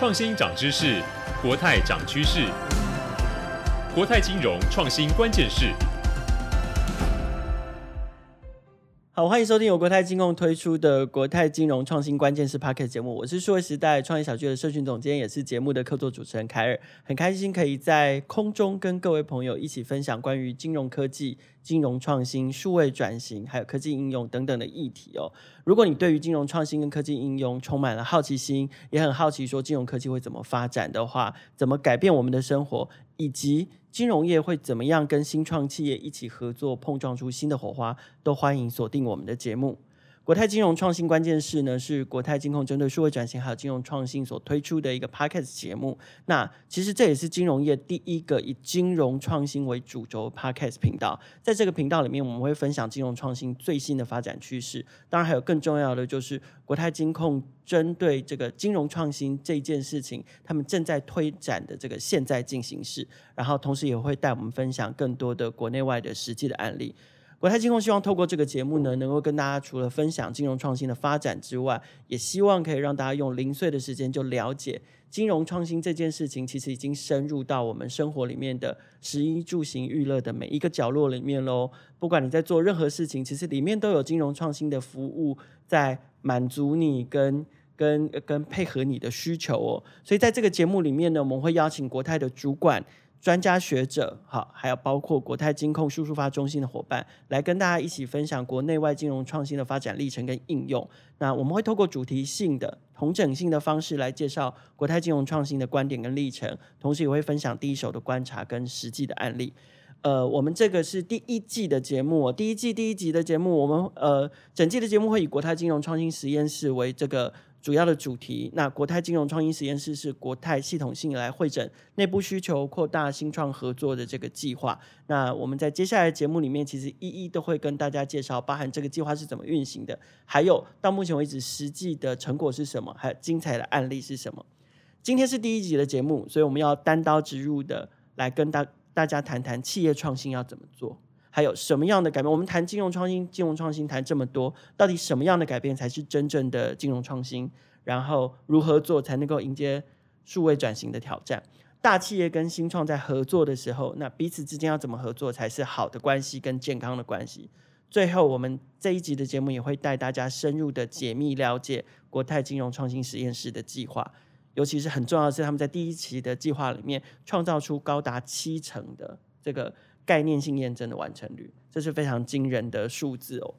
創新漲知識，國泰漲趨勢。國泰金融創新關鍵勢。好，歡迎收聽由國泰金控推出的《國泰金融創新關鍵勢》Podcast 節目。我是數位時代創業小聚的社群總監，也是節目的客座主持人凱爾。很開心可以在空中跟各位朋友一起分享關於金融科技、金融創新、數位轉型，還有科技應用等等的議題哦。如果你對於金融創新跟科技應用充滿了好奇心，也很好奇說金融科技會怎麼發展的話，怎麼改變我們的生活，以及金融業會怎麼樣跟新創企業一起合作，碰撞出新的火花，都歡迎鎖定我們的節目。國泰金融創新關鍵勢呢，是國泰金控針對數位轉型還有金融創新所推出的一個 podcast 節目。那其實這也是金融業第一個以金融創新為主軸 podcast 頻道。在這個頻道裡面，我們會分享金融創新最新的發展趨勢，當然還有更重要的就是國泰金控針對這個金融創新這件事情，他們正在推展的這個現在進行式，然後同時也會帶我們分享更多的國內外的實際的案例。國泰金控希望透過這個節目呢，能夠跟大家除了分享金融創新的發展之外，也希望可以讓大家用零碎的時間就了解金融創新這件事情，其實已經深入到我們生活裡面的食衣住行娛樂的每一個角落裡面嘍。不管你在做任何事情，其實裡面都有金融創新的服務在滿足你跟跟、呃、跟配合你的需求哦。所以在這個節目裡面呢，我們會邀請國泰的主管。專家學者好，還有包括國泰金控數數發中心的夥伴，來跟大家一起分享國內外金融創新的發展歷程跟應用。那我們會透過主題性的、統整性的方式來介紹國泰金融創新的觀點跟歷程，同時也會分享第一手的觀察跟實際的案例。呃，我們這個是第一季的節目，第一季第一集的節目，我們呃整季的節目會以國泰金融創新實驗室為這個。主要的主題，那國泰金融創新實驗室是國泰系統性來會診內部需求，擴大新創合作的這個計劃。那我們在接下來節目裡面，其實一一都會跟大家介紹，包含這個計劃是怎麼運行的，還有到目前為止實際的成果是什麼，還有精彩的案例是什麼。今天是第一集的節目，所以我們要單刀直入的來跟大大家談談企業創新要怎麼做。還有什麼樣的改變？我們談金融創新，金融創新談這麼多，到底什麼樣的改變才是真正的金融創新？然後如何做才能夠迎接數位轉型的挑戰？大企業跟新創在合作的時候，那彼此之間要怎麼合作才是好的關係跟健康的關係？最後，我們這一集的節目也會帶大家深入的解密了解國泰金融創新實驗室的計劃，尤其是很重要的是他們在第一期的計劃裡面創造出高達七成的這個。概念性驗證的完成率，這是非常驚人的數字哦。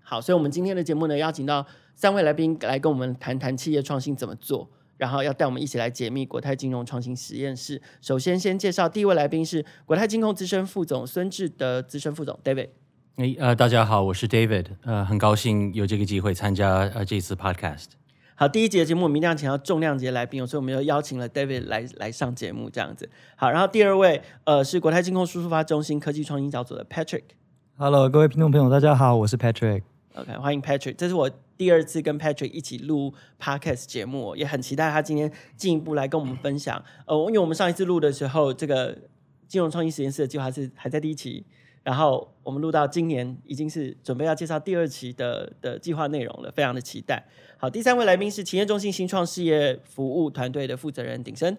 好，所以，我們今天的節目呢，邀請到三位來賓來跟我們談談企業創新怎麼做，然後要帶我們一起來解密國泰金融創新實驗室。首先，先介紹第一位來賓是國泰金控資深副總孫至德資深副總 David。哎，呃，大家好，我是 David，呃，很高興有這個機會參加呃這次 Podcast。好，第一集的節目，我們一定要請到重量級的來賓，哦，所以我們又邀請了 David 來來上節目，這樣子。好，然後第二位，呃，是國泰金控數數發中心科技創新小組的 Patrick。Hello，各位聽眾朋友，大家好，我是 Patrick。OK，歡迎 Patrick，這是我第二次跟 Patrick 一起錄 Podcast 節目，哦，也很期待他今天進一步來跟我們分享。呃，因為我們上一次錄的時候，這個金融創新實驗室的計劃是還在第一期。然後我們錄到今年已經是準備要介紹第二期的的計劃內容了，非常的期待。好，第三位來賓是勤業眾信新創事業服務團隊的負責人鼎聲。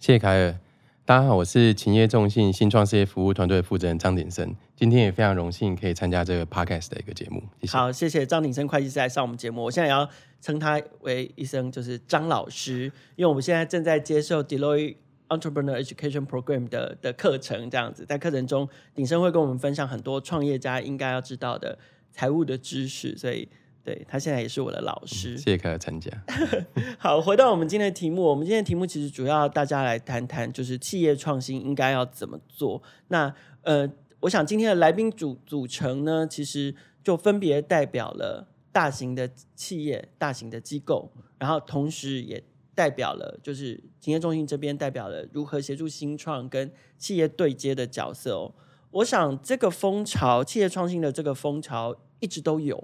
謝謝凱爾，大家好，我是勤業眾信新創事業服務團隊的負責人張鼎聲。今天也非常榮幸可以參加這個 podcast 的一個節目。謝謝。好，謝謝張鼎聲會計師來上我們節目。我現在也要稱他為一聲，就是張老師，因為我們現在正在接受 Deloitte Entrepreneur Education Program 的的課程這樣子，在課程中，鼎聲會跟我們分享很多創業家應該要知道的財務的知識，所以對他現在也是我的老師。嗯、謝謝可以參加。 好，回到我們今天的題目，我們今天的題目其實主要大家來談談，就是企業創新應該要怎麼做。那呃，我想今天的來賓組組成呢，其實就分別代表了大型的企業、大型的機構，然後同時也，代表了就是企業中心這邊代表了如何協助新創跟企業對接的角色哦。我想這個風潮，企業創新的這個風潮一直都有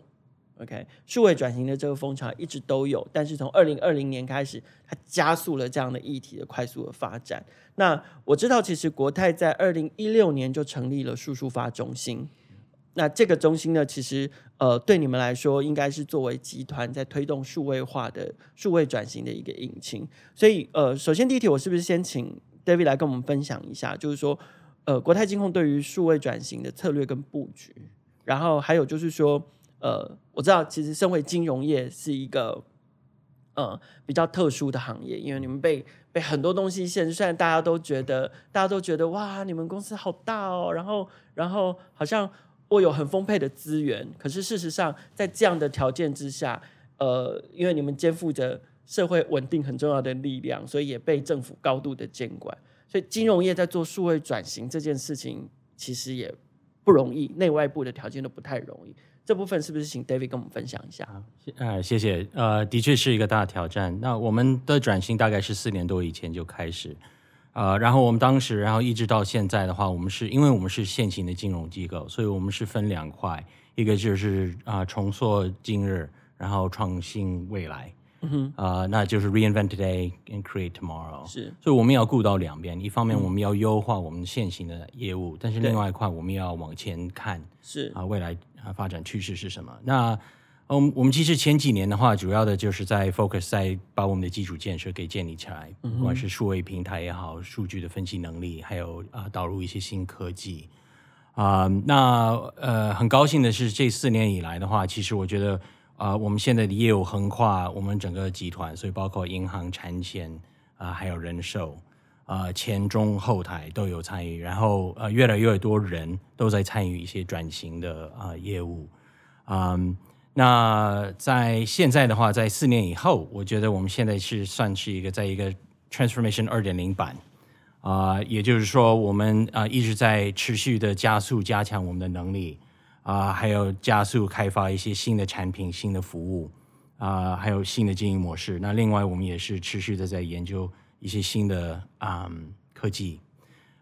，OK，數位轉型的這個風潮一直都有，但是從二零二零年開始，它加速了這樣的議題的快速的發展。那我知道，其實國泰在二零一六年就成立了數數發中心。那這個中心呢，其實呃，對你們來說，應該是作為集團在推動數位化的數位轉型的一個引擎。所以呃，首先第一題，我是不是先請 David 來跟我們分享一下，就是說呃，國泰金控對於數位轉型的策略跟布局，然後還有就是說呃，我知道其實身為金融業是一個呃比較特殊的行業，因為你們被被很多東西限制，雖然大家都覺得大家都覺得哇，你們公司好大哦，然後然後好像。我有很豐沛的資源，可是事實上，在這樣的條件之下，呃，因為你們肩負着社會穩定很重要的力量，所以也被政府高度的監管。所以金融業在做數位轉型這件事情，其實也不容易，內外部的條件都不太容易。這部分是不是請 David 跟我們分享一下？呃、啊，謝謝。呃，的確是一個大挑戰。那我們的轉型大概是四年多以前就開始。啊、呃，然後我們當時，然後一直到現在的話，我們是因為我們是現行的金融機構，所以我們是分兩塊，一個就是啊、呃、重塑今日，然後創新未來，啊、嗯哼呃，那就是 reinvent today and create tomorrow。是，所以我們要顧到兩邊，一方面我們要優化我們現行的業務，嗯、但是另外一塊我們要往前看，是啊對、呃、未來啊、呃、發展趨勢是什麼？那。嗯，我們其實前幾年的話，主要的就是在 focus 在把我們的基礎建設給建立起來，不管是數位平台也好，數據的分析能力，還有啊、呃，導入一些新科技啊、嗯。那呃，很高興的是，這四年以來的話，其實我覺得啊、呃，我們現在的業務橫跨我們整個集團，所以包括銀行、產險啊、呃，還有人壽啊、呃，前中後台都有參與。然後呃，越來越多人都在參與一些轉型的啊、呃、業務，呃那在現在的話，在四年以後，我覺得我們現在是算是一個在一個 transformation 二點零版啊、呃，也就是說，我們啊、呃、一直在持續的加速加強我們的能力啊、呃，還有加速開發一些新的產品、新的服務啊、呃，還有新的經營模式。那另外，我們也是持續的在研究一些新的啊、嗯、科技。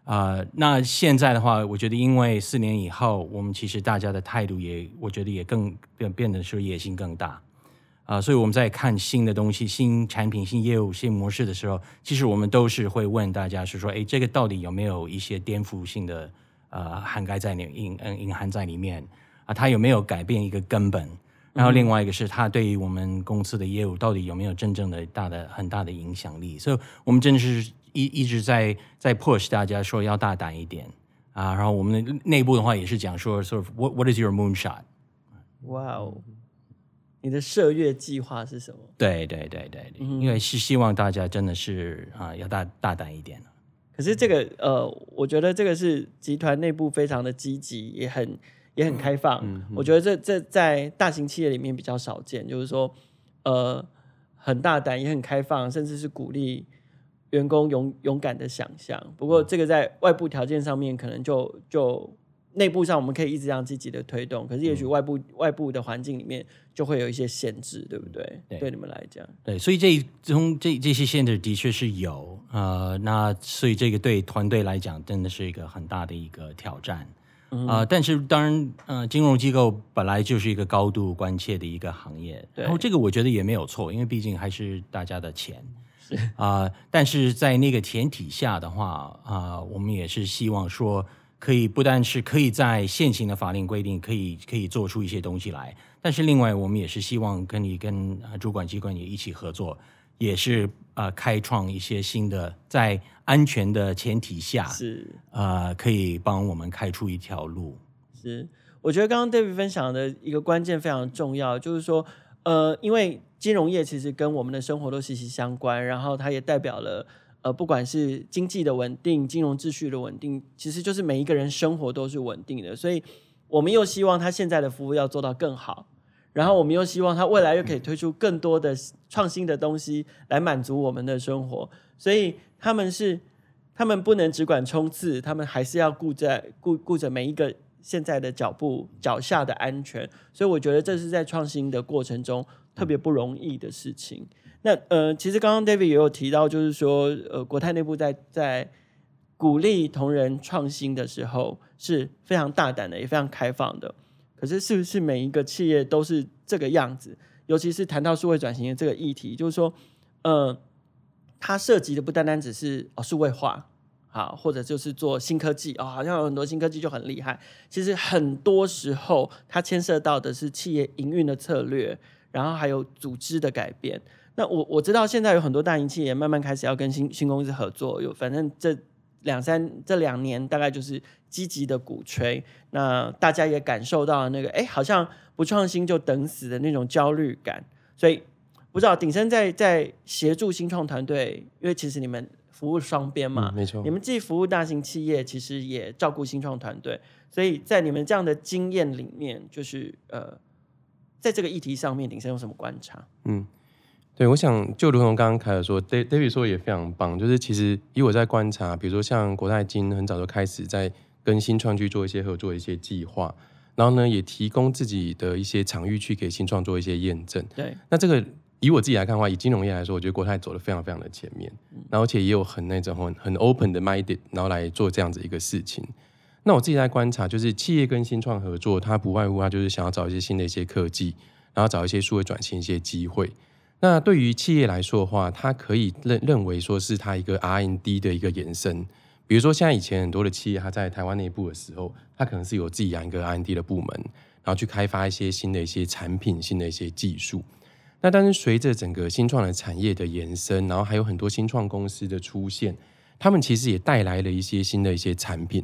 啊、呃，那現在的話，我覺得因為四年以後，我們其實大家的態度也，我覺得也更變變得是野心更大啊、呃。所以我們在看新的東西、新產品、新業務、新模式的時候，其實我們都是會問大家是說，哎，這個到底有沒有一些顛覆性的啊、呃，涵蓋在裡面，嗯，隱含在裡面啊？它有沒有改變一個根本？然後另外一個是它對於我們公司的業務到底有沒有真正的大的很大的影響力？所以我們真的是。一一直在在 push 大家說要大膽一點啊，然後我們內部的話也是講說，sort of What What is your moonshot？哇哦、wow，你的射月計劃是什麼？對對對對，對對對 Mm-hmm. 因為是希望大家真的是啊要大大膽一點。可是這個呃，我覺得這個是集團內部非常的積極，也很也很開放。Mm-hmm. 我覺得這這在大型企業裡面比較少見，就是說呃很大膽，也很開放，甚至是鼓勵。員工勇勇敢的想象，不過這個在外部條件上面可能就就內部上我們可以一直這樣積極的推動，可是也許外部、嗯、外部的環境裡面就會有一些限制，對不對？對,對你們來講，對，所以這一這這,這些限制的確是有啊、呃，那所以這個對團隊來講真的是一個很大的一個挑戰啊。呃嗯、但是當然，嗯、呃，金融機構本來就是一個高度關切的一個行業，對然後這個我覺得也沒有錯，因為畢竟還是大家的錢。是啊、呃，但是在那個前提下的話，啊、呃，我們也是希望說，可以不但是可以在現行的法令規定，可以可以做出一些東西來，但是另外我們也是希望跟你跟主管機關也一起合作，也是啊、呃，開創一些新的，在安全的前提下是啊、呃，可以幫我們開出一條路。是，我覺得剛剛 David 分享的一個關鍵非常重要，就是說。呃，因為金融業其實跟我們的生活都息息相關，然後它也代表了呃，不管是經濟的穩定、金融秩序的穩定，其實就是每一個人生活都是穩定的。所以，我們又希望他現在的服務要做到更好，然後我們又希望他未來又可以推出更多的創新的東西來滿足我們的生活。所以，他們是他們不能只管衝刺，他們還是要顧着顧顧着每一個。現在的腳步，腳下的安全，所以我覺得這是在創新的過程中特別不容易的事情。那呃，其實剛剛 David 也有提到，就是說呃，國泰內部在在鼓勵同仁創新的時候是非常大膽的，也非常開放的。可是是不是每一個企業都是這個樣子？尤其是談到數位轉型的這個議題，就是說，呃，它涉及的不單單只是哦數位化。啊，或者就是做新科技啊、哦，好像有很多新科技就很厲害。其實很多時候，它牽涉到的是企業營運的策略，然後還有組織的改變。那我我知道現在有很多大型企業慢慢開始要跟新新公司合作，有反正這兩三這兩年大概就是積極的鼓吹。那大家也感受到了那個哎，好像不創新就等死的那種焦慮感。所以不知道鼎聲在在協助新創團隊，因為其實你們。服務雙邊嘛，嗯、沒錯。你們既服務大型企業，其實也照顧新創團隊，所以在你們這樣的經驗裡面，就是呃，在這個議題上面，鼎聲用什麼觀察？嗯，對，我想就如同剛剛凱爾說 David 說也非常棒，就是其實以我在觀察，比如說像國泰金很早就開始在跟新創去做一些合作的一些計劃，然後呢，也提供自己的一些場域去給新創做一些驗證。對，那這個。以我自己來看的話，以金融業來說，我覺得國泰走的非常非常的前面，然後而且也有很那種很 open 的 minded，然後來做這樣子一個事情。那我自己在觀察，就是企業跟新創合作，它不外乎它就是想要找一些新的一些科技，然後找一些數位轉型一些機會。那對於企業來說的話，它可以認認為說是它一個 R&D 的一個延伸。比如說，像在以前很多的企業，它在台灣內部的時候，它可能是有自己養一個 R&D 的部門，然後去開發一些新的一些產品、新的一些技術。那但是隨着整個新創的產業的延伸，然後還有很多新創公司的出現，他們其實也帶來了一些新的一些產品。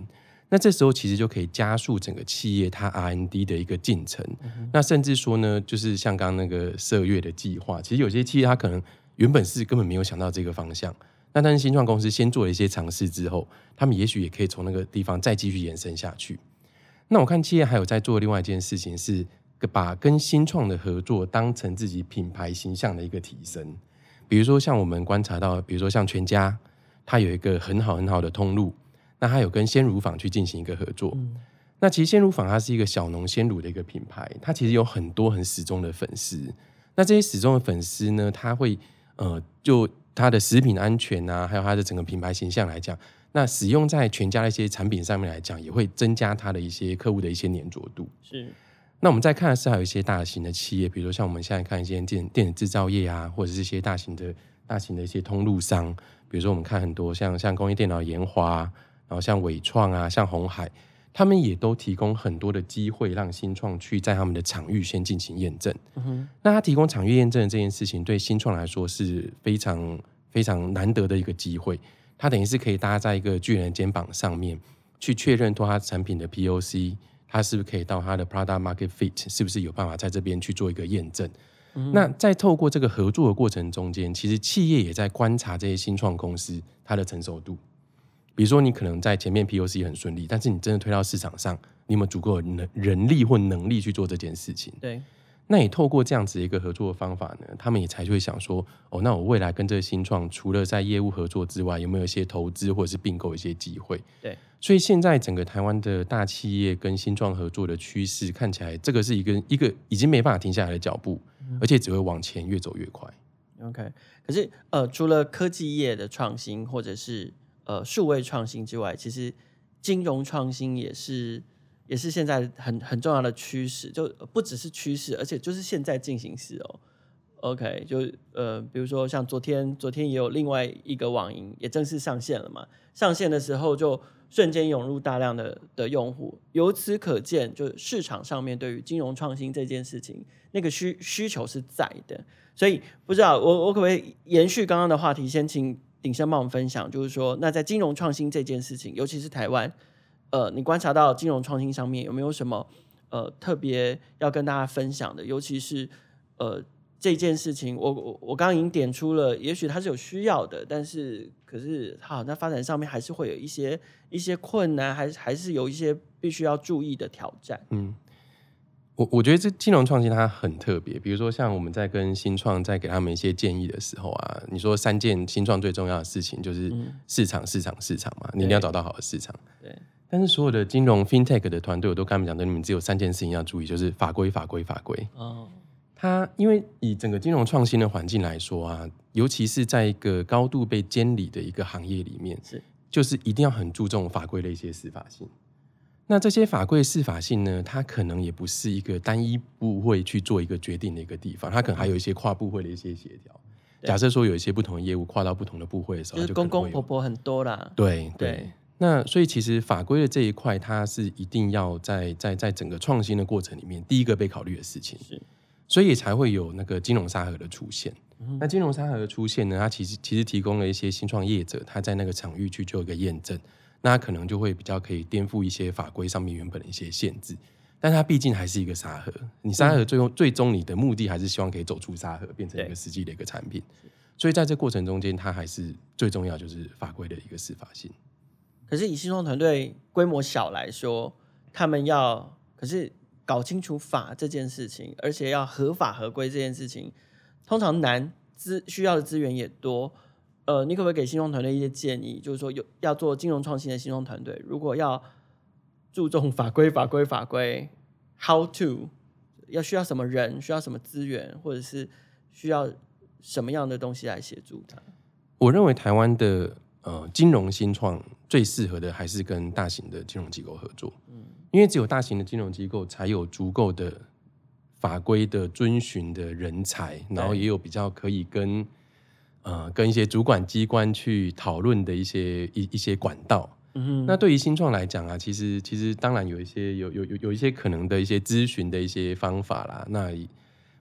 那這時候其實就可以加速整個企業它 R&D 的一個進程。嗯、那甚至說呢，就是像剛，剛那個射月的計劃，其實有些企業它可能原本是根本沒有想到這個方向。那但是新創公司先做了一些嘗試之後，他們也許也可以從那個地方再繼續延伸下去。那我看企業還有在做另外一件事情是。把跟新創的合作當成自己品牌形象的一個提升，比如說像我們觀察到，比如說像全家，它有一個很好很好的通路，那它有跟鮮乳坊去進行一個合作。嗯、那其實鮮乳坊它是一個小農鮮乳的一個品牌，它其實有很多很始終的粉絲。那這些始終的粉絲呢，他會呃，就它的食品安全啊，還有它的整個品牌形象來講，那使用在全家的一些產品上面來講，也會增加它的一些客戶的一些粘着度。是。那我們在看的是還有一些大型的企業，比如說像我們現在看一些電電子製造業啊，或者是一些大型的、大型的一些通路商，比如說我們看很多像像工業電腦研華、啊，然後像緯創啊，像鴻海，他們也都提供很多的機會，讓新創去在他們的場域先進行驗證。嗯、哼那他提供場域驗證的這件事情，對新創來說是非常非常難得的一個機會。它等於是可以搭在一個巨人的肩膀上面，去確認托他，他產品的 P O C。他是不是可以到他的 Product Market Fit？是不是有辦法在這邊去做一個驗證？嗯、那在透過這個合作的過程中間，其實企業也在觀察這些新創公司它的成熟度。比如說，你可能在前面 POC 很順利，但是你真的推到市場上，你有沒有足夠人人力或能力去做這件事情？對。那也透過這樣子一個合作的方法呢，他們也才會想說，哦，那我未來跟這個新創除了在業務合作之外，有沒有一些投資或者是併購一些機會？對，所以現在整個台灣的大企業跟新創合作的趨勢，看起來這個是一個一個已經沒辦法停下來的腳步，嗯，而且只會往前越走越快。OK，可是呃，除了科技業的創新或者是呃數位創新之外，其實金融創新也是。也是現在很很重要的趨勢，就不只是趨勢，而且就是現在進行式哦。OK，就呃，比如說像昨天，昨天也有另外一個網銀也正式上線了嘛。上線的時候就瞬間湧入大量的的用戶，由此可見，就市場上面對於金融創新這件事情，那個需需求是在的。所以不知道我我可不可以延續剛剛的話題，先請鼎聲幫我們分享，就是說那在金融創新這件事情，尤其是台灣。呃，你觀察到金融創新上面有沒有什麼呃特別要跟大家分享的？尤其是呃這件事情，我我我剛剛已經點出了，也許它是有需要的，但是可是好，那發展上面還是會有一些一些困難，還是還是有一些必須要注意的挑戰。嗯，我我覺得這金融創新它很特別，比如說像我們在跟新創在給他們一些建議的時候啊，你說三件新創最重要的事情就是市場、嗯、市場、市場嘛，你一定要找到好的市場。對。對但是所有的金融 fintech 的團隊，我都跟他們講，的你們只有三件事情要注意，就是法規、法規、法規。哦，它因為以整個金融創新的環境來說啊，尤其是在一個高度被監理的一個行業裡面，是就是一定要很注重法規的一些司法性。那這些法規司法性呢，它可能也不是一個單一部會去做一個決定的一個地方，它可能還有一些跨部會的一些協調。嗯、假設說有一些不同的業務跨到不同的部會的時候，就是公公婆婆很多啦。對對。對嗯那所以其實法規的這一塊，它是一定要在在在、在整個創新的過程裡面，第一個被考慮的事情。是，所以才會有那個金融沙盒的出現。嗯、哼那金融沙盒的出現呢，它其實其實提供了一些新創業者，他在那個場域去做一個驗證。那可能就會比較可以顛覆一些法規上面原本的一些限制。但它畢竟還是一個沙盒，你沙盒最終對最終你的目的還是希望可以走出沙盒，變成一個實際的一個產品。對所以在這過程中間，它還是最重要就是法規的一個適法性。可是以新創團隊規模小來說，他們要可是搞清楚法這件事情，而且要合法合規這件事情，通常難資需要的資源也多。呃，你可不可以給新創團隊一些建議？就是說有要做金融創新的新創團隊，如果要注重法規、法規、法規，How to？要需要什麼人？需要什麼資源？或者是需要什麼樣的東西來協助他。我認為台灣的呃金融新創。最適合的還是跟大型的金融機構合作，嗯，因為只有大型的金融機構才有足夠的法規的遵循的人才，對然後也有比較可以跟、呃、跟一些主管機關去討論的一些一一些管道，嗯哼。那對於新創來講啊，其實其實當然有一些有有有有一些可能的一些諮詢的一些方法啦。那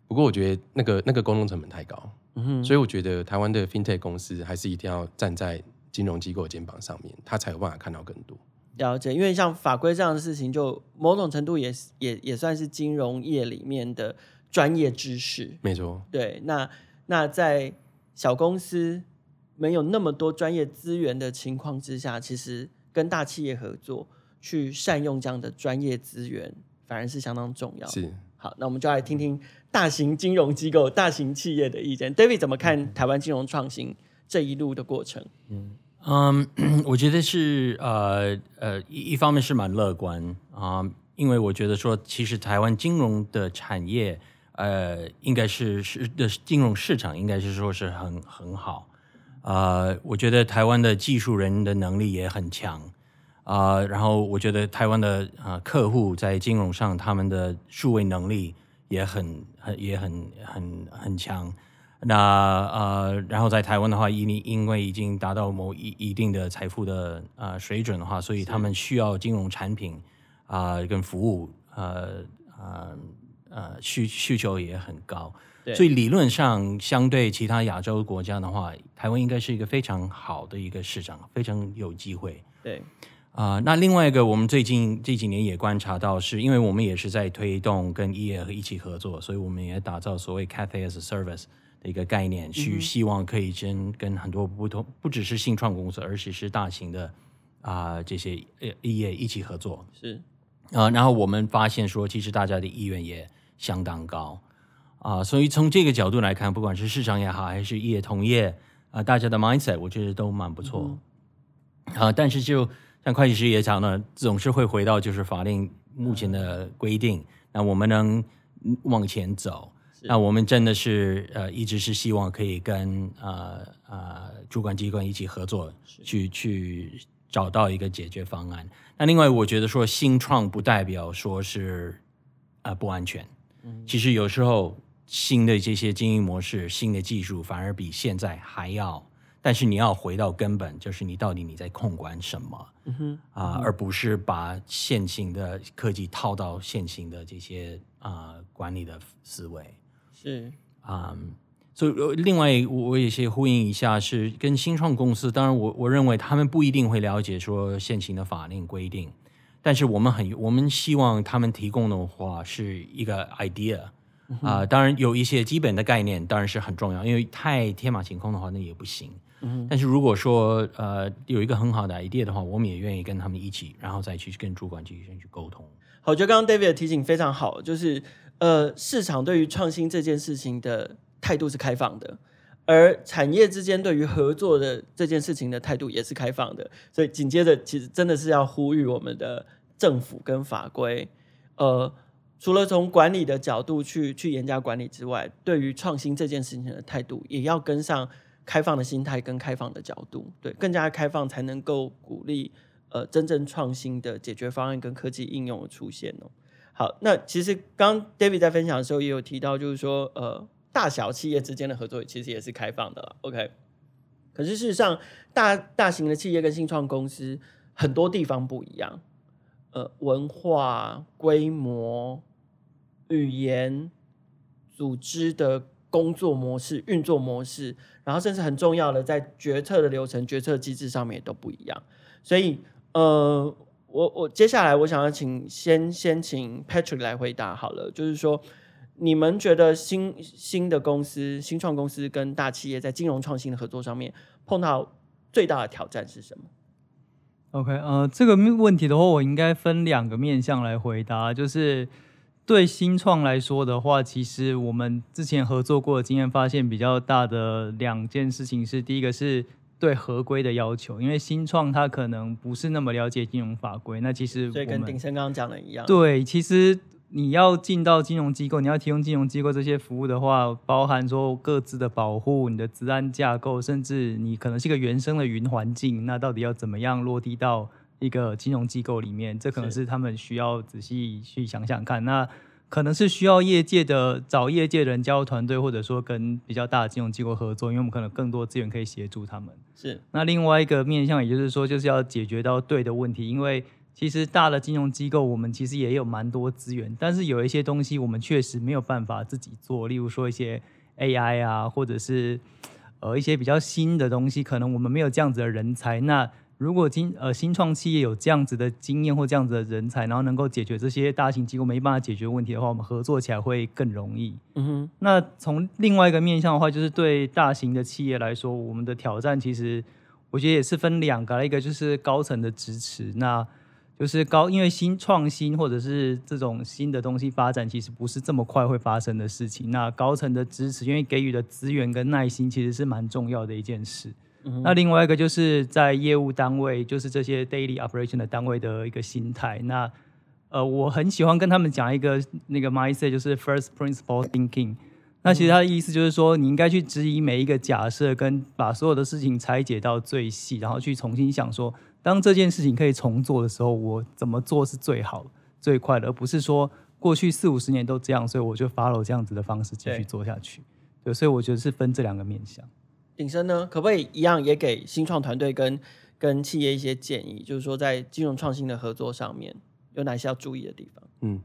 不過我覺得那個那個溝通成本太高，嗯哼。所以我覺得台灣的 fintech 公司還是一定要站在。金融機構肩膀上面，他才有辦法看到更多。了解，因為像法規這樣的事情，就某種程度也是也也算是金融業裡面的專業知識。沒錯，對。那那在小公司沒有那麼多專業資源的情況之下，其實跟大企業合作，去善用這樣的專業資源，反而是相當重要的。是。好，那我們就來聽聽大型金融機構、大型企業的意見。David 怎麼看台灣金融創新這一路的過程？嗯。嗯、um, 我覺得是呃呃，一一方面是蠻樂觀啊，因為我覺得說，其實台灣金融的產業，呃，應該是是的金融市場應該是說是很很好啊、呃。我覺得台灣的技術人的能力也很強啊、呃，然後我覺得台灣的啊、呃、客戶在金融上他們的數位能力也很很也很很很強。那呃，然後在台灣的話，因因為已經達到某一一定的財富的啊、呃、水準的話，所以他們需要金融產品啊、呃、跟服務，呃呃呃需需求也很高，對所以理論上相對其他亞洲國家的話，台灣應該是一個非常好的一個市場，非常有機會。對啊、呃，那另外一個我們最近這幾年也觀察到是，是因為我們也是在推動跟 EA 和一起合作，所以我們也打造所謂 Cafe as a Service。一個概念，去希望可以真跟很多不同，不只是新創公司，而且是大型的啊、呃、這些企業一起合作是啊。然後我們發現說，其實大家的意願也相當高啊。所以從這個角度來看，不管是市場也好，還是業同業啊、呃，大家的 mindset 我覺得都蠻不錯、嗯、啊。但是就像會計師也講了，總是會回到就是法令目前的規定，嗯、那我們能往前走。那我們真的是呃，一直是希望可以跟呃呃主管機關一起合作，是去去找到一個解決方案。那另外，我覺得說新創不代表說是啊、呃、不安全。其實有時候新的這些經營模式、新的技術，反而比現在還要。但是你要回到根本，就是你到底你在控管什麼？嗯哼。啊、呃，嗯、而不是把現行的科技套到現行的這些啊、呃、管理的思維。嗯啊，所以、um, so, 另外我我也是呼應一下是，是跟新創公司。當然我，我我認為他們不一定會了解說現行的法令規定，但是我們很我們希望他們提供的話是一個 idea 啊、嗯哼呃。當然有一些基本的概念，當然是很重要，因為太天馬行空的話那也不行。嗯、哼但是如果說呃有一個很好的 idea 的話，我們也願意跟他們一起，然後再去跟主管進行去溝通。好，我覺得剛剛 David 的提醒非常好，就是。呃，市場對於創新這件事情的態度是開放的，而產業之間對於合作的這件事情的態度也是開放的。所以緊接着，其實真的是要呼籲我們的政府跟法規，呃，除了從管理的角度去去嚴加管理之外，對於創新這件事情的態度，也要跟上開放的心態跟開放的角度，對，更加開放才能夠鼓勵，呃，真正創新的解決方案跟科技應用的出現哦。好，那其實剛 David 在分享的時候也有提到，就是說，呃，大小企業之間的合作其實也是開放的了。OK，可是事實上，大大型的企業跟新創公司很多地方不一樣，呃，文化、規模、語言、組織的工作模式、運作模式，然後甚至很重要的在決策的流程、決策機制上面也都不一樣，所以，呃。我我接下來我想要請先先請 Patrick 來回答好了，就是說你們覺得新新的公司新創公司跟大企業在金融創新的合作上面碰到最大的挑戰是什麼？OK，呃，這個問題的話，我應該分兩個面向來回答，就是對新創來說的話，其實我們之前合作過的經驗發現，比較大的兩件事情是，第一個是。對合規的要求，因為新創它可能不是那麼了解金融法規。那其實，所以跟鼎聲剛剛講的一樣。對，其實你要進到金融機構，你要提供金融機構這些服務的話，包含說各自的保護、你的資安架構，甚至你可能是一個原生的雲環境，那到底要怎麼樣落地到一個金融機構裡面？這可能是他們需要仔細去想想看。那。可能是需要業界的找業界的人加入團隊，或者說跟比較大的金融機構合作，因為我們可能更多資源可以協助他們。是，那另外一個面向，也就是說，就是要解決到對的問題，因為其實大的金融機構我們其實也有蠻多資源，但是有一些東西我們確實沒有辦法自己做，例如說一些 AI 啊，或者是呃一些比較新的東西，可能我們沒有這樣子的人才。那如果新、呃新創企業有這樣子的經驗或這樣子的人才，然後能夠解決這些大型機構沒辦法解決問題的話，我們合作起來會更容易。嗯哼。那從另外一個面向的話，就是對大型的企業來說，我們的挑戰其實我覺得也是分兩個，一個就是高層的支持，那就是高，因為新創新或者是這種新的東西發展，其實不是這麼快會發生的事情。那高層的支持，因為給予的資源跟耐心，其實是蠻重要的一件事。那另外一個就是在業務單位，就是這些 daily operation 的單位的一個心態。那呃，我很喜歡跟他們講一個那個 mindset，就是 first principle thinking。那其實他的意思就是說，你應該去質疑每一個假設，跟把所有的事情拆解到最細，然後去重新想說，當這件事情可以重做的時候，我怎麼做是最好、最快的，而不是說過去四五十年都這樣，所以我就 follow 這樣子的方式繼續做下去。Yeah. 對，所以我覺得是分這兩個面向。鼎聲呢，可不可以一樣也給新創團隊跟跟企業一些建議？就是說，在金融創新的合作上面，有哪些要注意的地方？嗯，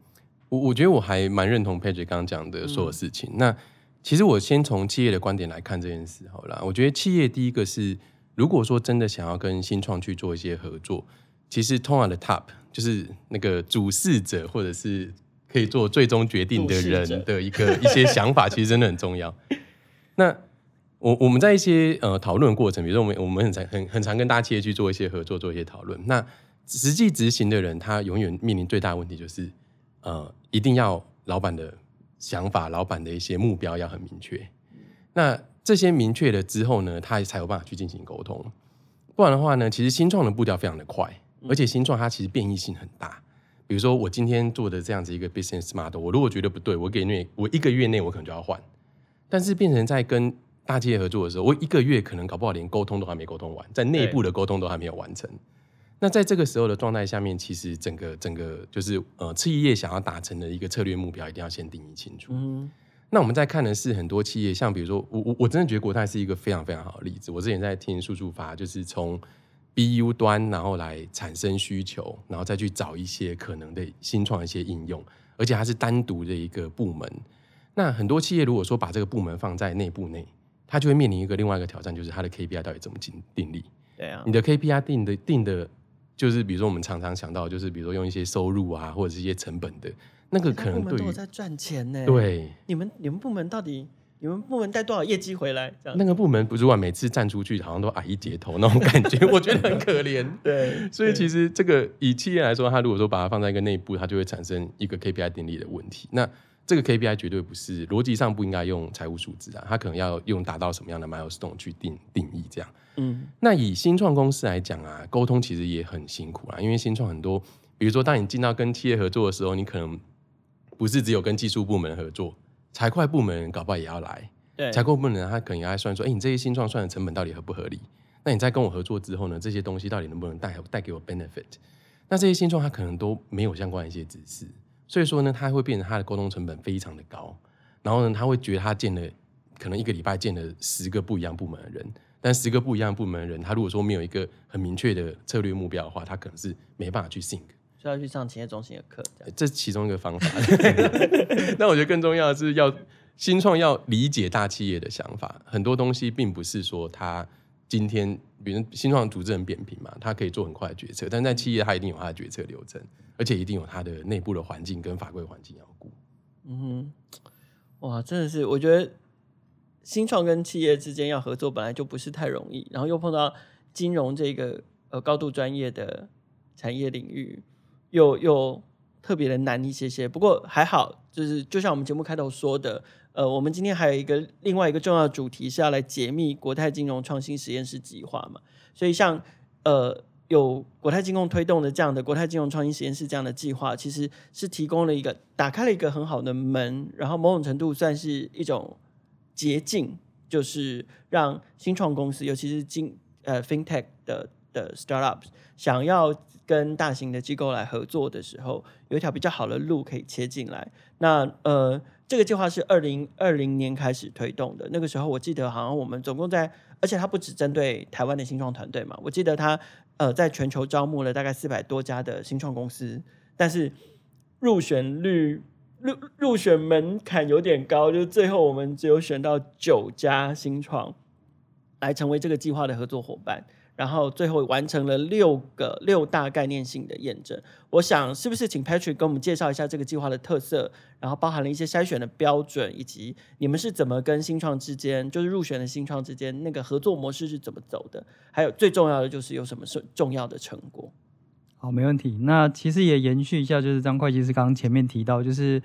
我我覺得我還蠻認同佩姐剛剛講的所有事情。嗯、那其實我先從企業的觀點來看這件事好了啦。我覺得企業第一個是，如果說真的想要跟新創去做一些合作，其實通常的 top 就是那個主事者或者是可以做最終決定的人的一個持 一些想法，其實真的很重要。那我我們在一些呃討論過程，比如說我們我們很常很很常跟大企業去做一些合作，做一些討論。那實際執行的人，他永遠面臨最大的問題就是，呃，一定要老闆的想法，老闆的一些目標要很明確。那這些明確了之後呢，他才有辦法去進行溝通。不然的話呢，其實新創的步調非常的快，而且新創它其實變異性很大。比如說我今天做的這樣子一個 business model，我如果覺得不對，我給那個，我一個月內我可能就要換，但是變成在跟大企業合作的時候，我一個月可能搞不好連溝通都還沒溝通完，在內部的溝通都還沒有完成。對那在這個時候的狀態下面，其實整個整個就是呃，企業想要達成的一個策略目標，一定要先定義清楚。嗯，那我們在看的是很多企業，像比如說我我我真的覺得國泰是一個非常非常好的例子。我之前在聽數數發，就是從 BU 端然後來產生需求，然後再去找一些可能的新創一些應用，而且它是單獨的一個部門。那很多企業如果說把這個部門放在內部內。他就會面臨一個另外一個挑戰，就是他的 KPI 到底怎麼定定力？對啊，你的 KPI 定的定的，定的就是比如說我們常常想到，就是比如說用一些收入啊，或者是一些成本的那個可能對。欸、他部門都在賺錢呢，對，你們你們部門到底你們部門帶多少業績回來這樣？那個部門不，不管每次站出去，好像都矮一截頭那種感覺， 我覺得很可憐。對，所以其實這個以企業來說，它如果說把它放在一個內部，它就會產生一個 KPI 定力的問題。那這個 KPI 絕對不是，邏輯上不應該用財務數字啊，他可能要用達到什麼樣的 milestone 去定定義這樣。嗯，那以新創公司來講啊，溝通其實也很辛苦啊，因為新創很多，比如說當你進到跟企業合作的時候，你可能不是只有跟技術部門合作，財會部門搞不好也要來。對，財會部門他可能也要算說，哎、欸，你這些新創算的成本到底合不合理？那你在跟我合作之後呢，這些東西到底能不能帶帶給我 benefit？那這些新創它可能都沒有相關一些知識。所以說呢，他會變成他的溝通成本非常的高，然後呢，他會覺得他見了可能一個禮拜見了十個不一樣部門的人，但十個不一樣部門的人，他如果說沒有一個很明確的策略目標的話，他可能是沒辦法去 think。需要去上企業中心的課，這，這是其中一個方法。 那我覺得更重要的是要，要新創要理解大企業的想法，很多東西並不是說他。今天，比如新創組織很扁平嘛，它可以做很快的決策，但在企業它一定有它的決策流程，而且一定有它的內部的環境跟法規環境要顧。嗯哼，哇，真的是，我覺得新創跟企業之間要合作本來就不是太容易，然後又碰到金融這個呃高度專業的產業領域，又又特別的難一些些。不過還好，就是就像我們節目開頭說的。呃，我們今天還有一個另外一個重要主題是要來解密國泰金融創新實驗室計劃嘛。所以像，像呃有國泰金控推動的這樣的國泰金融創新實驗室這樣的計劃，其實是提供了一個打開了一個很好的門，然後某種程度算是一種捷徑，就是讓新創公司，尤其是金呃 FinTech 的的 startup 想要跟大型的機構來合作的時候，有一條比較好的路可以切進來。那呃。這個計劃是二零二零年開始推動的。那個時候，我記得好像我們總共在，而且它不只針對台灣的新創團隊嘛。我記得它呃，在全球招募了大概四百多家的新創公司，但是入選率入入選門檻有點高，就最後我們只有選到九家新創來成為這個計劃的合作夥伴。然後最後完成了六個六大概念性的驗證，我想是不是請 Patrick 跟我們介紹一下這個計劃的特色，然後包含了一些篩選的標準，以及你們是怎麼跟新創之間，就是入選的新創之間那個合作模式是怎麼走的？還有最重要的就是有什麼是重要的成果？好，沒問題。那其實也延續一下，就是張會計師剛剛前面提到，就是。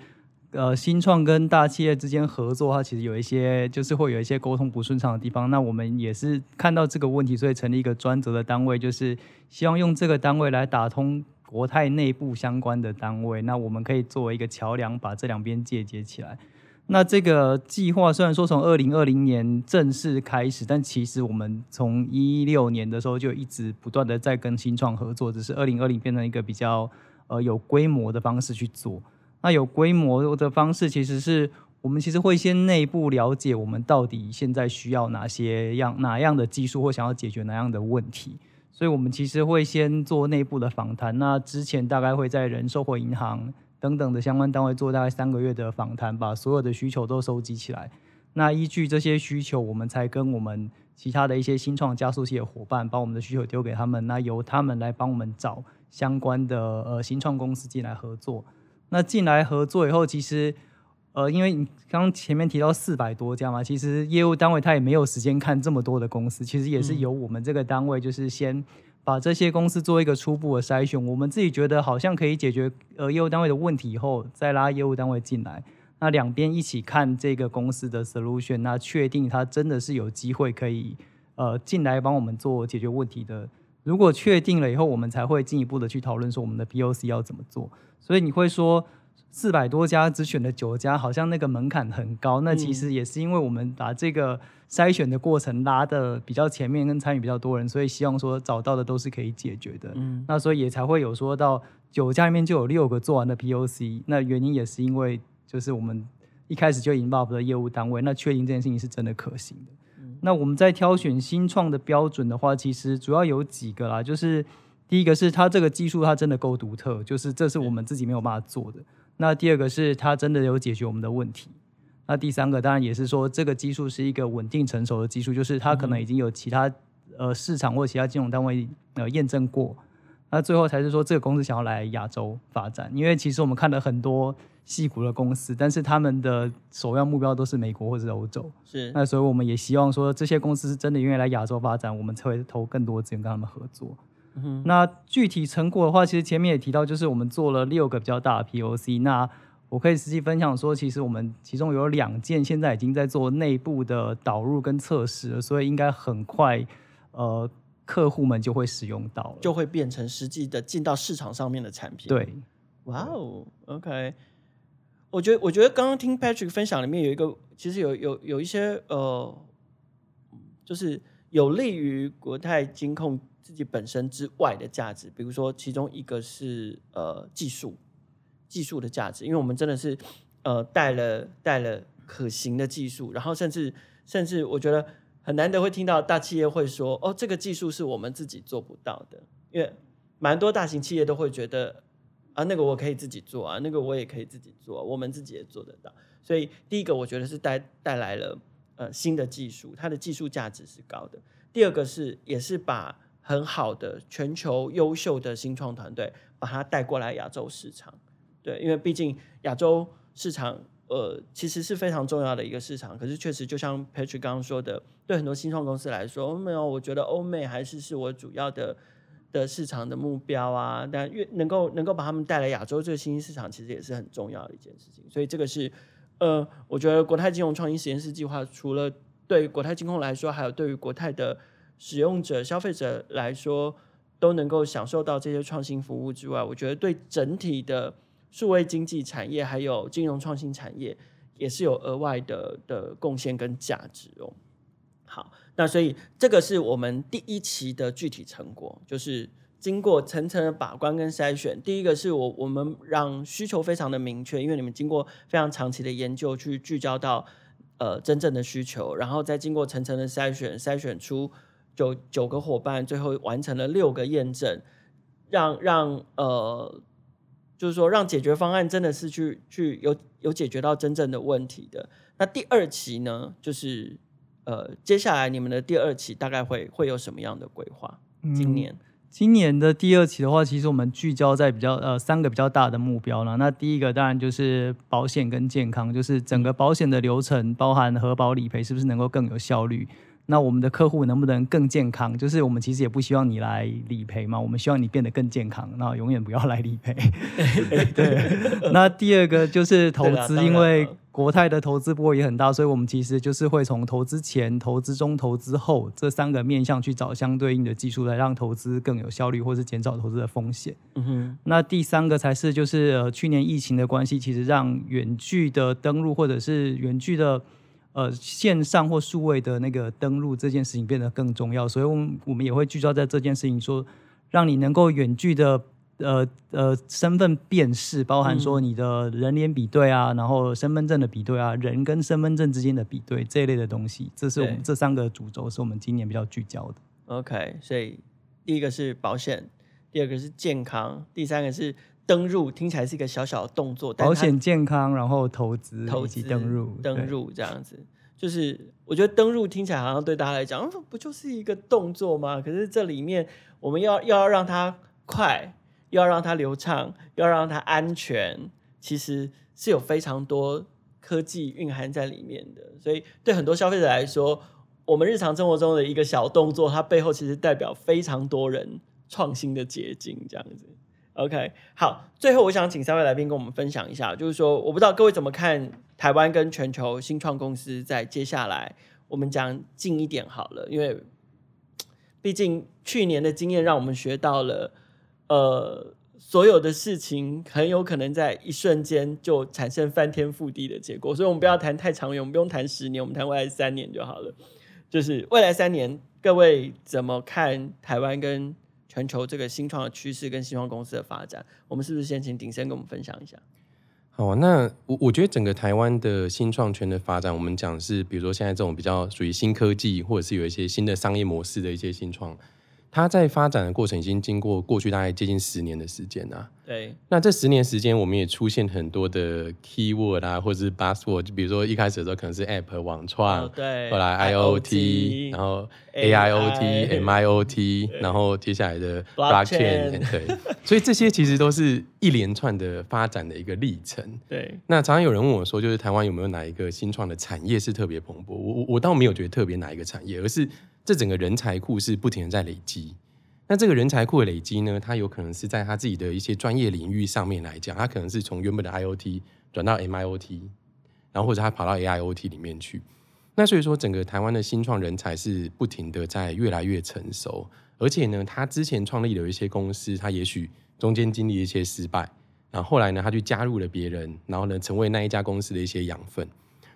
呃，新創跟大企業之間合作，它其實有一些就是會有一些溝通不順暢的地方。那我們也是看到這個問題，所以成立一個專責的單位，就是希望用這個單位來打通國泰內部相關的單位。那我們可以作為一個橋梁，把這兩邊介接起來。那這個計劃雖然說從二零二零年正式開始，但其實我們從一六年的時候就一直不斷的在跟新創合作，只是二零二零變成一個比較呃有規模的方式去做。那有規模的方式，其實是我們其實會先內部了解我們到底現在需要哪些樣哪樣的技術，或想要解決哪樣的問題。所以我們其實會先做內部的訪談。那之前大概會在人壽或銀行等等的相關單位做大概三個月的訪談，把所有的需求都收集起來。那依據這些需求，我們才跟我們其他的一些新創加速器的夥伴，把我們的需求丟給他們，那由他們來幫我們找相關的呃新創公司進來合作。那進來合作以後，其實，呃，因為你剛前面提到四百多家嘛，其實業務單位他也沒有時間看這麼多的公司，其實也是由我們這個單位就是先把這些公司做一個初步的篩選，嗯，我們自己覺得好像可以解決呃業務單位的問題以後，再拉業務單位進來，那兩邊一起看這個公司的 solution，那確定他真的是有機會可以呃進來幫我們做解決問題的。如果確定了以後，我們才會進一步的去討論說我們的 POC 要怎麼做。所以你會說四百多家只選了九家，好像那個門檻很高。那其實也是因為我們把這個篩選的過程拉的比較前面，跟參與比較多人，所以希望說找到的都是可以解決的。嗯，那所以也才會有說到九家裡面就有六個做完的 POC。那原因也是因為就是我們一開始就 involve 的業務單位，那確定這件事情是真的可行的。那我們在挑選新創的標準的話，其實主要有幾個啦，就是第一個是它這個技術它真的夠獨特，就是這是我們自己沒有辦法做的。那第二個是它真的有解決我們的問題。那第三個當然也是說這個技術是一個穩定成熟的技術，就是它可能已經有其他、嗯、呃市場或其他金融單位呃驗證過。那最後才是說這個公司想要來亞洲發展，因為其實我們看了很多。矽谷的公司，但是他們的首要目標都是美國或者歐洲。是。那所以我們也希望說這些公司真的願意來亞洲發展，我們才會投更多資源跟他們合作。嗯哼，那具體成果的話，其實前面也提到，就是我們做了六個比較大的 POC。那我可以實際分享說，其實我們其中有兩件現在已經在做內部的導入跟測試了，所以應該很快，呃，客戶們就會使用到了，就會變成實際的進到市場上面的產品。對，哇哦、wow，OK。我覺得，我覺得剛剛聽 Patrick 分享裡面有一個，其實有有有一些呃，就是有利於國泰金控自己本身之外的價值，比如說其中一個是呃技術，技術的價值，因為我們真的是呃帶了帶了可行的技術，然後甚至甚至我覺得很難得會聽到大企業會說哦，這個技術是我們自己做不到的，因為蠻多大型企業都會覺得。啊，那個我可以自己做啊，那個我也可以自己做，我們自己也做得到。所以第一個，我覺得是帶帶來了呃新的技術，它的技術價值是高的。第二個是也是把很好的全球優秀的新創團隊把它帶過來亞洲市場，對，因為畢竟亞洲市場呃其實是非常重要的一個市場。可是確實，就像 Patrick 剛剛說的，對很多新創公司來說，沒有我覺得歐美還是是我主要的。的市場的目標啊，但越能夠能夠把他們帶來亞洲這個新興市場，其實也是很重要的一件事情。所以這個是，呃，我覺得國泰金融創新實驗室計劃，除了對於國泰金控來說，還有對於國泰的使用者、消費者來說，都能夠享受到這些創新服務之外，我覺得對整體的數位經濟產業，還有金融創新產業，也是有額外的的貢獻跟價值哦。好。那所以這個是我們第一期的具體成果，就是經過層層的把關跟篩選。第一個是我我們讓需求非常的明確，因為你們經過非常長期的研究去聚焦到呃真正的需求，然後再經過層層的篩選，篩選出九九個夥伴，最後完成了六個驗證，讓讓呃就是說讓解決方案真的是去去有有解決到真正的問題的。那第二期呢，就是。呃，接下來你們的第二期大概會會有什麼樣的規劃？今年、嗯，今年的第二期的話，其實我們聚焦在比較呃三個比較大的目標呢。那第一個當然就是保險跟健康，就是整個保險的流程，包含核保理賠，是不是能夠更有效率？那我們的客戶能不能更健康？就是我們其實也不希望你來理賠嘛，我們希望你變得更健康。那永遠不要來理賠。 對。那第二個就是投資，啊、因為國泰的投資波也很大，所以我們其實就是會從投資前、投資中、投資後這三個面向去找相對應的技術，來讓投資更有效率，或是減少投資的風險。嗯哼。那第三個才是就是、呃、去年疫情的關係，其實讓遠距的登錄或者是遠距的。呃，線上或數位的那個登錄這件事情變得更重要，所以我們我們也會聚焦在這件事情說，說讓你能夠遠距的呃呃身份辨識，包含說你的人臉比對啊，然後身份證的比對啊，人跟身份證之間的比對這一類的東西，這是我們這三個主軸是我們今年比較聚焦的。OK，所以第一個是保險，第二個是健康，第三個是。登入，聽起來是一個小小的動作，保險、健康，然後投資，投資以及登入，登入這樣子。對就是我覺得登入聽起來好像對大家來講，嗯，不就是一個動作嗎？可是這裡面我們要要讓它快，要讓它流暢，要讓它安全，其實是有非常多科技蘊含在裡面的。所以對很多消費者來說，我們日常生活中的一個小動作，它背後其實代表非常多人創新的結晶，這樣子。OK，好，最後我想請三位來賓跟我們分享一下，就是說，我不知道各位怎麼看台灣跟全球新創公司在接下來，我們講近一點好了，因為畢竟去年的經驗讓我們學到了，呃，所有的事情很有可能在一瞬間就產生翻天覆地的結果，所以我們不要談太長遠，我們不用談十年，我們談未來三年就好了。就是未來三年，各位怎麼看台灣跟？全球這個新創的趨勢跟新創公司的發展，我們是不是先請鼎聲跟我們分享一下？好，那我我覺得整個台灣的新創圈的發展，我們講是比如說現在這種比較屬於新科技，或者是有一些新的商業模式的一些新創。它在發展的過程已經經過過去大概接近十年的時間吶。對，那這十年的時間我們也出現很多的 keyword 啊，或者是 b u s z w o r d 就比如說一開始的時候可能是 app 和網創、哦，對，後來 IOT，I OT, 然後 AIOT，MiOT，然後接下來的 block chain, Blockchain，對，所以這些其實都是一連串的發展的一個歷程。對，那常常有人問我說，就是台灣有沒有哪一個新創的產業是特別蓬勃？我我我倒沒有覺得特別哪一個產業，而是。這整個人才庫是不停的在累積，那這個人才庫的累積呢，他有可能是在他自己的一些專業領域上面來講，他可能是從原本的 IOT 轉到 MIOT，然後或者他跑到 AIOT 裡面去。那所以說，整個台灣的新創人才是不停的在越來越成熟，而且呢，他之前創立有一些公司，他也許中間經歷一些失敗，然後後來呢，他就加入了別人，然後呢，成為那一家公司的一些養分。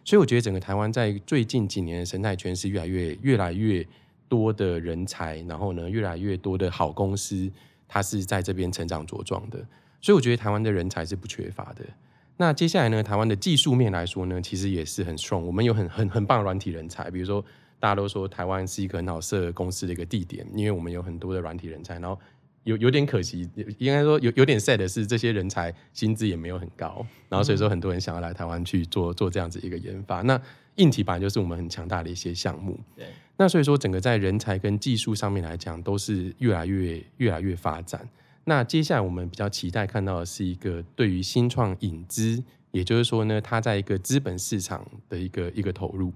所以我覺得整個台灣在最近幾年的生態圈是越來越越來越多的人才，然後呢，越來越多的好公司，它是在這邊成長茁壯的。所以我覺得台灣的人才是不缺乏的。那接下來呢，台灣的技術面來說呢，其實也是很 strong。我們有很很很棒的軟體人才，比如說大家都說台灣是一個很好設公司的一個地點，因為我們有很多的軟體人才，然後。有有點可惜，應該說有有點 sad 的是，這些人才薪資也沒有很高，然後所以說很多人想要來台灣去做做這樣子一個研發。那硬體本來就是我們很強大的一些項目，對那所以說整個在人才跟技術上面來講都是越來越越來越發展。那接下來我們比較期待看到的是一個對於新創引資，也就是說呢，它在一個資本市場的一個一個投入。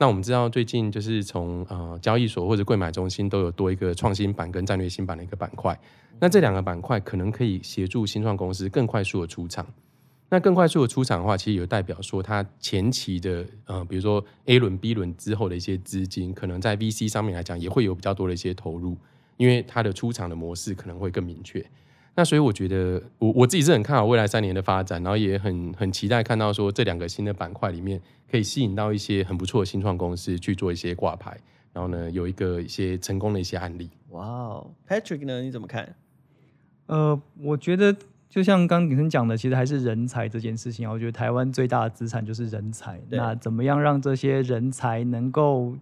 那我們知道，最近就是從呃交易所或者櫃買中心都有多一個創新板跟戰略新板的一個板塊。那這兩個板塊可能可以協助新創公司更快速的出場。那更快速的出場的話，其實也代表說它前期的呃，比如說 A 輪、B 輪之後的一些資金，可能在 VC 上面來講也會有比較多的一些投入，因為它的出場的模式可能會更明確。那所以我覺得我我自己是很看好未來三年的發展，然後也很很期待看到說這兩個新的板塊裡面可以吸引到一些很不錯的新創公司去做一些掛牌，然後呢有一個一些成功的一些案例。哇哦、wow.，Patrick 呢，你怎麼看？呃，我覺得就像剛剛鼎聲講的，其實還是人才這件事情啊，我覺得台灣最大的資產就是人才。對那怎麼樣讓這些人才能夠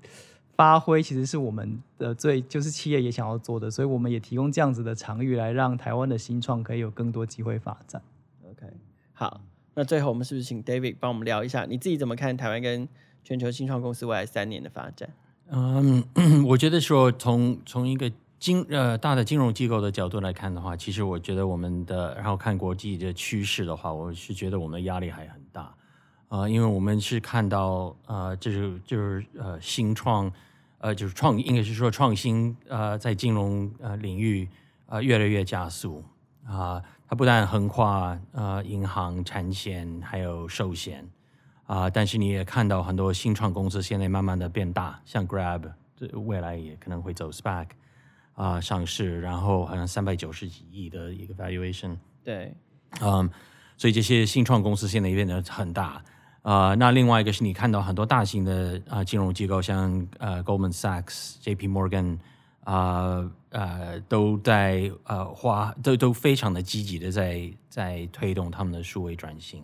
發揮其實是我們的最，就是企業也想要做的，所以我們也提供這樣子的場域來讓台灣的新創可以有更多機會發展。OK，好，那最後我們是不是請 David 幫我們聊一下，你自己怎麼看台灣跟全球新創公司未來三年的發展？嗯，我覺得說從從一個金呃大的金融機構的角度來看的話，其實我覺得我們的，然後看國際的趨勢的話，我是覺得我們的壓力還很大。啊，uh, 因為我們是看到啊、呃，就是就是呃，新創呃，就是創應該是說創新呃在金融呃領域啊、呃，越來越加速啊、呃。它不但橫跨呃銀行、產險還有壽險啊、呃，但是你也看到很多新創公司現在慢慢的變大，像 Grab 這，未來也可能會走 SPAC 啊、呃，上市，然後好像三百九十幾億的一個 valuation，對，嗯，um, 所以這些新創公司現在也變得很大。啊、呃，那另外一個是你看到很多大型的啊、呃、金融機構，像呃 Goldman Sachs、JP Morgan 啊、呃，呃，都在呃花都都非常的積極的在在推動他們的數位轉型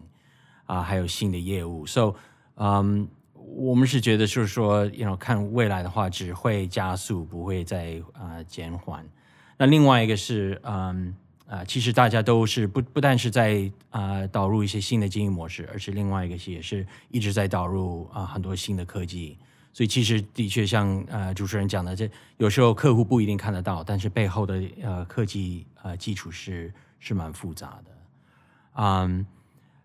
啊、呃，還有新的業務。So，嗯、um，我們是覺得就是說 you know，看未來的話，只會加速，不會再啊、呃、減緩。那另外一個是嗯。Um, 啊、呃，其實大家都是不不，但是在啊、呃、導入一些新的經營模式，而是另外一個是，也是一直在導入啊、呃、很多新的科技。所以其實的確像呃主持人講的，這有時候客戶不一定看得到，但是背後的呃科技呃基礎是是蠻複雜的。啊、嗯，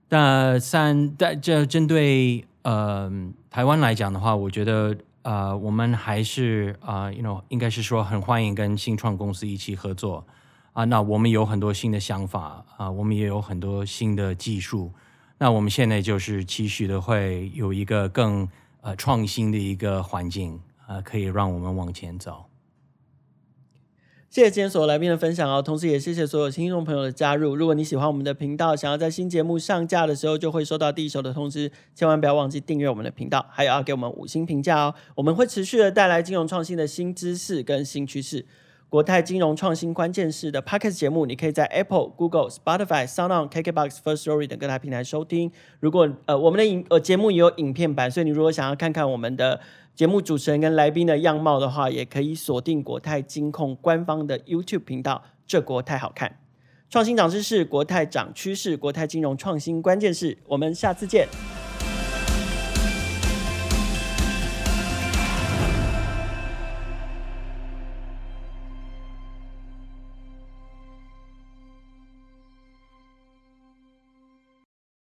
那三在這針對呃台灣來講的話，我覺得呃我們還是啊、呃、，you know 應該是說很歡迎跟新創公司一起合作。啊，那我們有很多新的想法啊，我們也有很多新的技術。那我們現在就是期許的會有一個更呃創新的一個環境啊，可以讓我們往前走。謝謝今天所有來賓的分享哦，同時也謝謝所有聽眾朋友的加入。如果你喜歡我們的頻道，想要在新節目上架的時候就會收到第一手的通知，千萬不要忘記訂閱我們的頻道，還有要給我們五星評價哦。我們會持續的帶來金融創新的新知識跟新趨勢。國泰金融創新關鍵勢的 Podcast 節目，你可以在 Apple、Google、Spotify、SoundOn、KKBox i c、First Story 等各大平台收聽。如果呃我們的影呃節目也有影片版，所以你如果想要看看我們的節目主持人跟來賓的樣貌的話，也可以鎖定國泰金控官方的 YouTube 頻道。這國泰好看，創新漲知識，國泰漲趨勢，國泰金融創新關鍵勢，我們下次見。